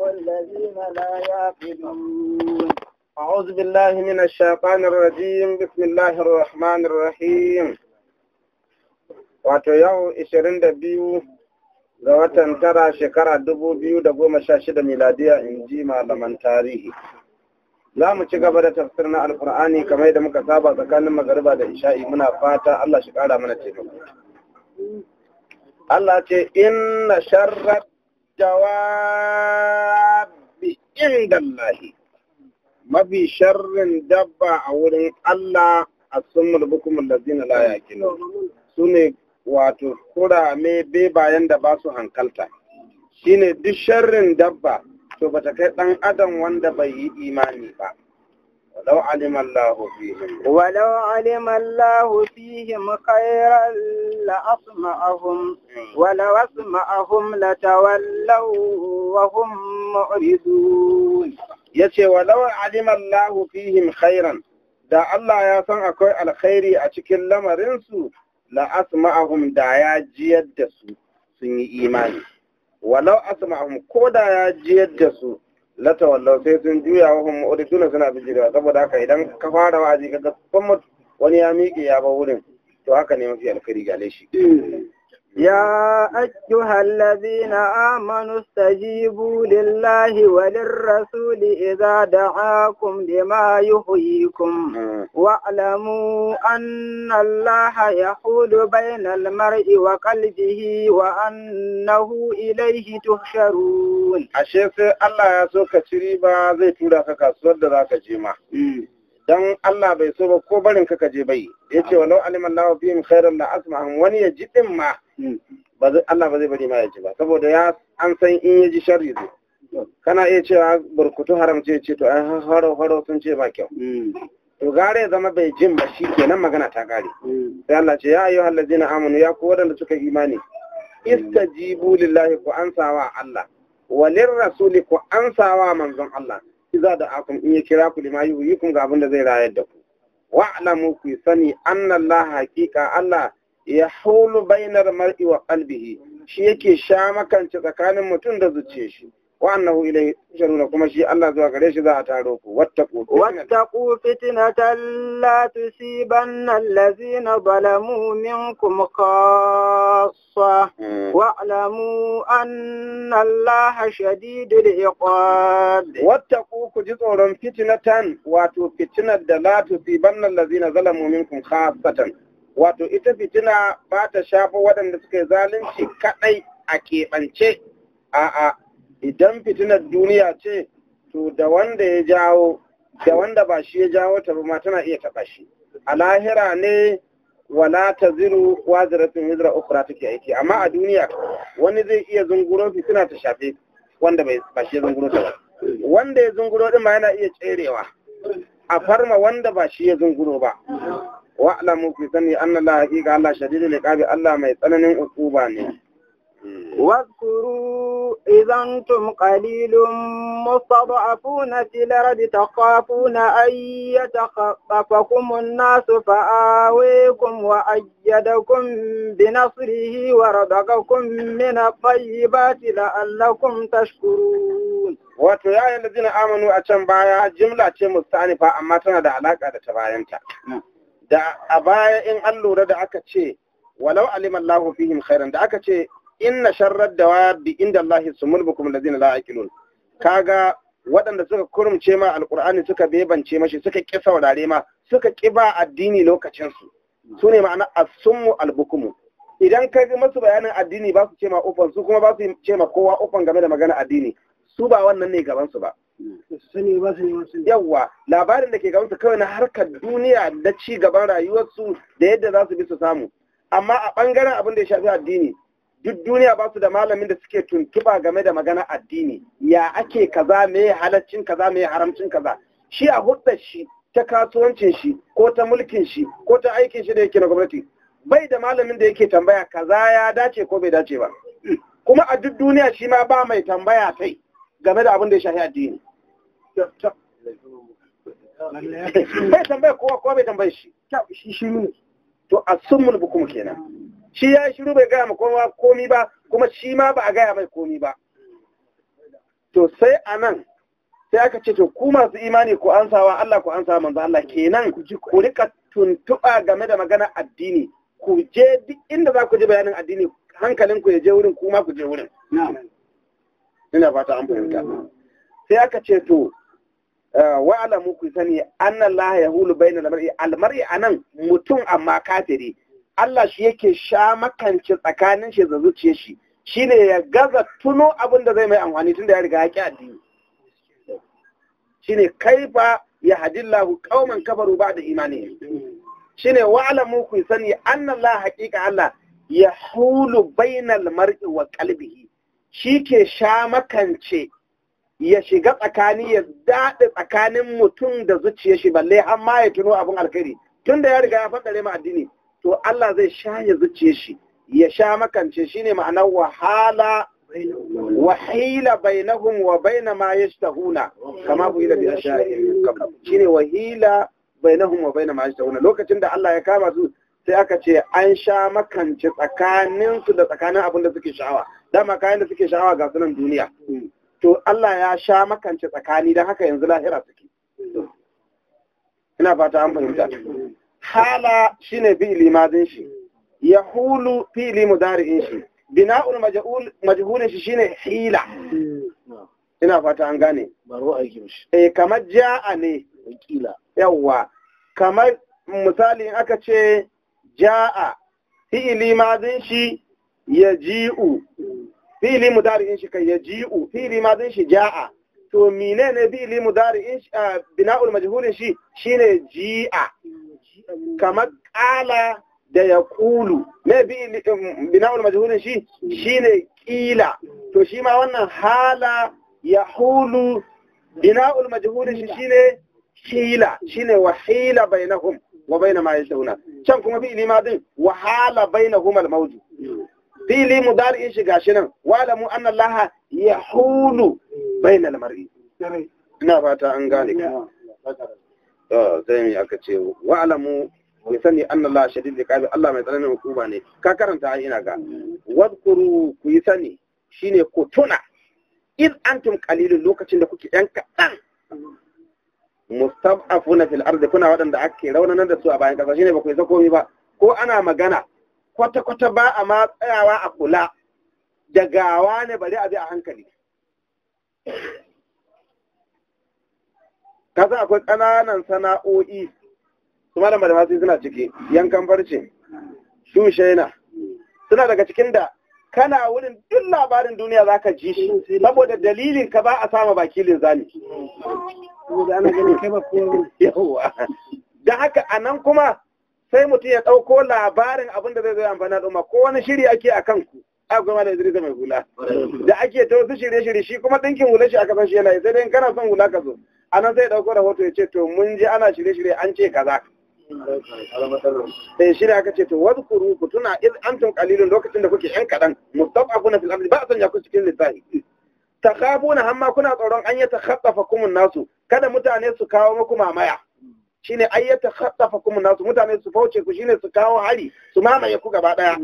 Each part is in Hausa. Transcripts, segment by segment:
والذين لا يعقلون أعوذ بالله من الشيطان الرجيم بسم الله الرحمن الرحيم wato yau 22 ga watan tara shekara 2016 miladiya in ji malaman tarihi za mu ci gaba da tafsir na alkur'ani kamar da muka saba tsakanin magariba da isha'i muna fata Allah shi kara mana taimako Allah ce inna sharrat الدواب عند mafi sharrin dabba a wurin Allah a summul bukumul lazina la yaqinu su ne wato kurame bayan da ba su hankalta shine duk sharrin dabba to bata kai dan adam wanda bai yi imani ba ولو علم الله فيهم ولو علم الله فيهم خيرا لأسمعهم ولو أسمعهم لتولوا وهم معرضون يتي ولو علم الله فيهم خيرا da Allah ya san akwai alkhairi a cikin lamarinsu la asma'ahum da ya jiyar da su sun yi imani walau asma'ahum ko da ya jiyar da su lata wallau sai sun juya wa hun mu'riduna suna bijirewa saboda haka idan ka fara wa'azi ga ga wani ya miƙe ya ba wurin to haka ne mafi alkari gare shi hmm. يا أيها الذين آمنوا استجيبوا لله وللرسول إذا دعاكم لما يحييكم واعلموا أن الله يحول بين المرء وقلبه وأنه إليه تحشرون أشيخ الله يسوك تريبا زي تودا كاكا سود ذاك جيما dan Allah bai so ba ko barin ka je bai ya ce walau aliman lahu bihim khairan la wani ya ji din ma Allah ba zai bari ma ya ji ba saboda ya an san in ya ji sharri zai kana iya cewa burkutu haram ce ce to ai haro haro sun ce ba kyau to gare zama bai jin ba shi kenan magana ta gare sai Allah ce ya ayu ladzina amanu ya ku wadanda suka imani istajibu lillahi ku ansawa Allah walir rasuli ku ansawa manzon Allah iza da akum in ya kira ku lima yi kun ga abin da zai rayar da ku wa alamu ku sani annallaha haqiqa Allah ya hulu bainar mar'i wa qalbihi shi yake sha makance tsakanin mutum da zuciyar shi wa annahu ilayhi tusharuna kuma shi Allah zuwa gare shi za a taro ku wattaqu wattaqu fitnatan la tusibanna allazina zalamu minkum khassa hmm. wa'lamu anna Allaha shadidul iqab wattaqu ku ji tsoron fitnatan wato fitnar da la tusibanna allazina zalamu minkum khassatan wato ita fitina ba ta shafa waɗanda suka yi zalunci kaɗai a keɓance a'a idan fitinar duniya ce to da wanda ya jawo da wanda ba shi ya jawo ta ma tana iya taɓa shi a lahira ne wala ta ziru waziratun hijira ukura take aiki amma a duniya wani zai iya zunguro fitina ta shafe wanda ba shi ya zunguro ta ba wanda ya zunguro din ma yana iya tserewa a farma wanda ba shi ya zunguro ba wa alamu fi sani an la ga Allah shadidul iqabi Allah mai tsananin uquba ne wa إذا أنتم قليل مستضعفون في الأرض تخافون أن يتخففكم الناس فآويكم وأيدكم بنصره ورزقكم من الطيبات لعلكم تشكرون wato ya yi lazina amanu a can baya jimla ce mustanifa amma tana da alaƙa da ta bayanta da a baya in an lura da aka ce walau alimallahu fihim khairan da aka ce inna sharrar da waya bi inda Allah sumul zina lazina la Ka kaga waɗanda suka kurumce ma alqur'ani suka bebance mashi suka ƙi saurare ma suka ƙi ba addini lokacinsu? su ne ma'ana asummu albukumu. idan ka ga masu bayanin addini ba su ce ma ufan su kuma ba su ce ma kowa ufan game da magana addini su ba wannan ne gaban ba yawwa labarin da ke gaban su kawai na harkar duniya da ci gaban rayuwarsu da yadda za su bi su samu amma a ɓangaren abin da ya shafi addini duk duniya ba su da malamin da suke tuntuba game da magana addini ya ake kaza me halaccin kaza me haramcin kaza shi a hudar shi ta kasuwancin shi ko ta mulkin shi ko ta aikin shi da yake na gwamnati bai da malamin da yake tambaya kaza ya dace ko bai dace ba kuma a duk duniya shi ma ba mai tambaya kai game da abin da ya shafi addini bai tambaya kowa ko bai tambaya shi shi shi to asumul bukum kenan shi ya shiru bai gaya ma komi ba kuma shi ma ba a gaya mai komi ba to sai a nan sai aka ce to ku masu imani ku ansawa Allah ku ansawa manzo Allah kenan ku rika tuntuba game da magana addini ku je duk inda za ku je bayanin addini hankalin ku ya je wurin kuma ku je wurin ina fata an fahimta sai aka ce to eh, wa alamu ku sani anna yahulu bainal mar'i al mar'i anan mutum amma kafiri Allah shi yake sha makanci tsakanin shi da zuciya shi shine ya gaza tuno abin da zai mai amfani tun da ya riga ya ki addini shine kaifa ya hadillahu qauman kafaru ba'da imani shine alamu ku sani anna Allah haqiqa Allah ya hulu bainal mar'i wa qalbihi shike sha makance ya shiga tsakani ya daɗe tsakanin mutum da zuciyar shi balle har ya tuno abin alkhairi tun da ya riga ya faɗare ma addini to Allah zai sha ya zuce shi ya sha makance shi ne ma'ana wahala wahila bainahum wa baina ma yashtahuna kama ku ila bi ashayi shine wahila bainahum wa baina ma yashtahuna lokacin da Allah ya kama su sai aka ce an sha makance tsakanin su da tsakanin abin da suke sha'awa dama kayan da suke sha'awa ga sunan duniya to Allah ya sha makance tsakani don haka yanzu lahira suke ina fata an fahimta hala shine fi'ili madin shi yahulu fi mudari'in shi bina'ul majhulin shi shine hila ina fata an gane baro aiki mishi eh kamar ja'a ne kila yawa kamar misali in aka ce ja'a fi madin shi yaji'u fi mudari'in shi kai yaji'u fi madin shi ja'a to menene fi'ili mudari'in shi ah, bina'ul majhulin shi shine ji'a kamar ƙala da ya kulu na um, bina'ul majhulin shi shine ƙila to shi ma wannan hala ya hulu bina'ul majhulin shi shine hila shine wahila bainahum wa baina ma yashauna can kuma fi'ili ma din wahala bainahum al-mawju fi'ili mudari'in shi gashi nan wa'lamu anna allaha yahulu bainal mar'i ina fata an gane ka to sai me aka ce wa alamu ku sani anna Allah da Allah mai tsananin hukuma ne ka karanta a ina ga wadkuru ku yi sani shine ku tuna in antum qalilun lokacin da kuke yan kadan mustad'afuna fil ardi kuna waɗanda ake raunanar da su a bayan kasa shine ba ku yi komai ba ko ana magana kwata kwata ba a ma tsayawa a kula da gawa ne bari a bi a hankali ka akwai ƙananan sana'o'i su malam malamasi suna ciki yankan farce su shaina suna daga cikin da kana wurin duk labarin duniya za ka ji shi saboda dalilin ka ba a sama baki linzani. da haka a nan kuma sai mutum ya ɗauko labarin abinda zai zai amfani al'umma ko wani shiri ake a kanku akwai da Idrisa mai hula da ake ta wasu shirye-shirye shi kuma ɗinkin hula shi aka san shi yana yi sai dai kana son hula ka zo a nan sai ɗauko rahoto ya ce to mun ji ana shirye-shirye an ce kaza sai eh, shi ne aka ce to wasu kuru ku tuna an tun qalilun lokacin da kuke ƴan kaɗan abu na ardi ba a sanya ku cikin lissafi na hamma kuna tsoron an ta haɗafa kumun nasu kada mutane su kawo muku mamaya shi ne ayyata haɗafa kumun nasu mutane su fauce ku shine su kawo hari su mamaye ku gaba ɗaya.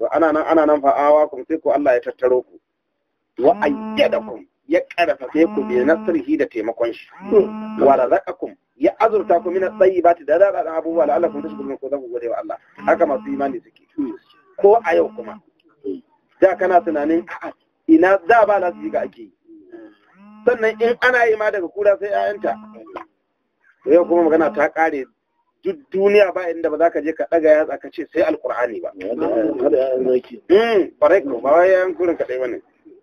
to ana nan ana nan awa sai ko Allah ya tattaro ku wa ayyada kun ya karafa sai ku bi ah. nasrihi da taimakon shi wa razaqakum ya azurta ku min at-tayyibati da da abubuwa la'allakum tashkurun ko zaku gode wa Allah haka masu imani suke ko a yau kuma da kana tunanin a'a ina da ba na su ga ake sannan in ana yi ma daga kura sai 'ya'yanta yau kuma magana ta kare duk duniya ba inda ba za ka je ka ɗaga yatsa ka ce sai Alƙur'ani ba. Hmm, ƙwarai ko ba wai yayin kurin kaɗai ba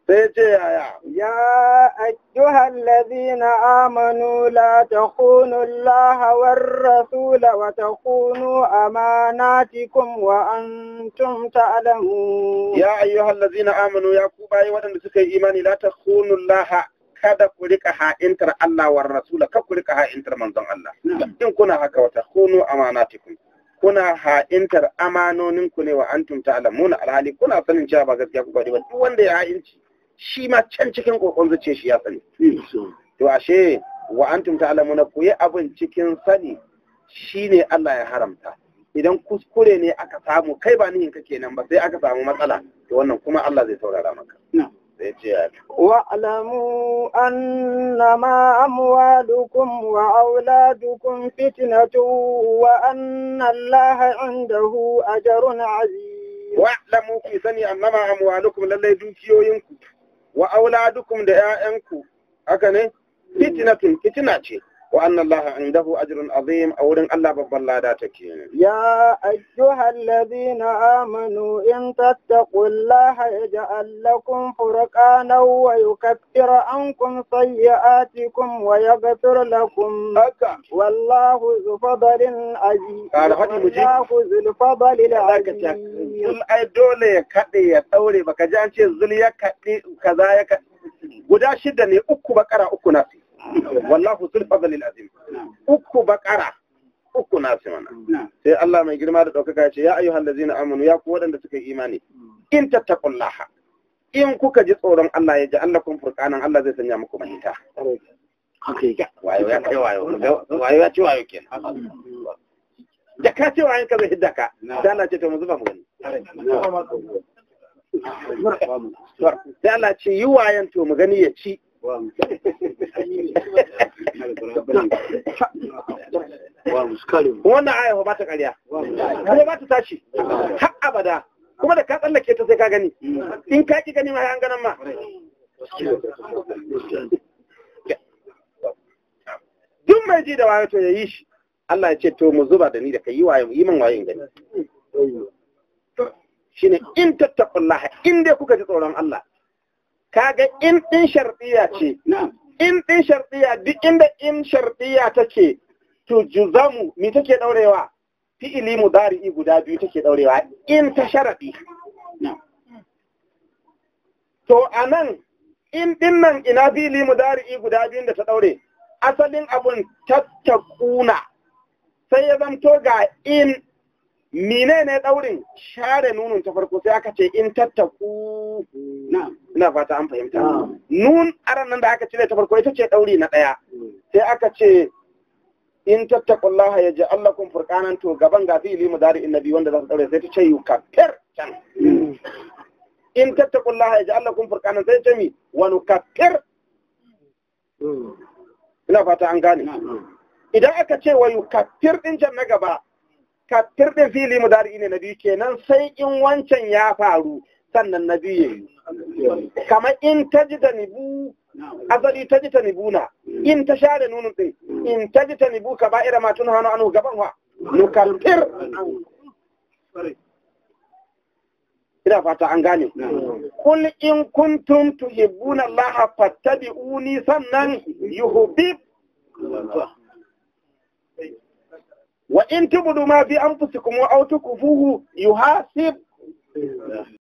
Sai ce yaya. Ya hallazi na amanu la ta Allah lahawar rasula wa takhunu kun wa ta Ya hallazi na amanu ya ku bayi waɗanda suka yi imani la laha kada ku rika ha'intar Allah wa rasula ka ku rika ha'intar manzon Allah in kuna haka wata kunu amanatikum kuna ha'intar amanonin ku ne wa antum ta'lamuna alhali kuna sanin cewa ba gaskiya ku bari ba duk wanda ya ha'inci shi ma can cikin kokon zuciya shi ya sani to ashe wa antum ta'lamuna ku yi abin cikin sani shine Allah ya haramta idan kuskure ne aka samu kai ba ni kake nan ba sai aka samu matsala to wannan kuma Allah zai saurara maka واعلموا أنما أموالكم وأولادكم فتنة وأن الله عنده أجر عظيم واعلموا في سني أنما أموالكم للي دوكيو ينكو وأولادكم دعاء ينكو أكني فتنة فتنة وأن الله عنده أجر عظيم أو أن الله ببلا داتك يا أيها الذين آمنوا إن تتقوا الله يجعل لكم فرقانا ويكفر عنكم سيئاتكم ويغفر لكم والله ذو فضل عزيز والله ذو الفضل العزيز ai dole كأي kaɗe بكجانش الظلية baka ji an ce zul ya kaɗe kaza wallahu zul fadlil azim uku bakara uku nasu mana sai Allah mai girma da ɗaukaka ya ce ya ayyuhal ladzina amanu ya ku waɗanda suka yi imani in tattaqullaha in kuka ji tsoron Allah ya ji Allah kun furqanan Allah zai sanya muku mahita wayo ya kai wayo kenan da ka ce wayan ka zai hidda ka da Allah ce to mu zuba mu gani sai Allah ce yi wayan to mu gani ya ci wannan aya ba ta ƙarya kuma ba ta tashi har abada kuma da ka tsallake ta sai ka gani hmm. in ka ki gani ma an ma duk mai ji da wayo to ya yi shi Allah ya ce to mu zuba da ni da ka yi wayo yi man wayo in gani shine in tattaqullaha in dai kuka ji tsoron Allah kaga in din shartiya ce in din shartiya duk inda in shartiya take to juzamu mi take daurewa fi'ili mudari'i guda biyu take daurewa in ta sharadi to anan in din nan ina fi'ili mudari'i guda biyun da ta daure asalin abun tattakuna sai ya zanto ga in mine ne daurin share nunun ta farko sai aka ce in tattaku ina fata an fahimta nun aran nan da aka cire ta farko ita ce dauri na daya sai aka ce in tattaqullaha Allah kun furkanan to gaban ga fi'li in nabi wanda za su daure sai ta ce kafir can in tattaqullaha Allah kun furkanan sai ce mi Wani kafir? Hmm. ina fata an gane idan aka ce wa kafir din can na gaba kattir da fili mu dari na biyu kenan sai in wancan ya faru sannan na biyu yi kamar in ta ji da nibu azali ta ji ta nibuna in ta sha da nunu ɗin in ta ji ta nibu ka ba ira matun hannu anu gaban wa nukantir ina fata an gane kul in kuntum tuhibbuna allaha fattabi'uni sannan yuhibbuk wa in tubudu ma fi anfusikum wa aw tukfuhu yuhasib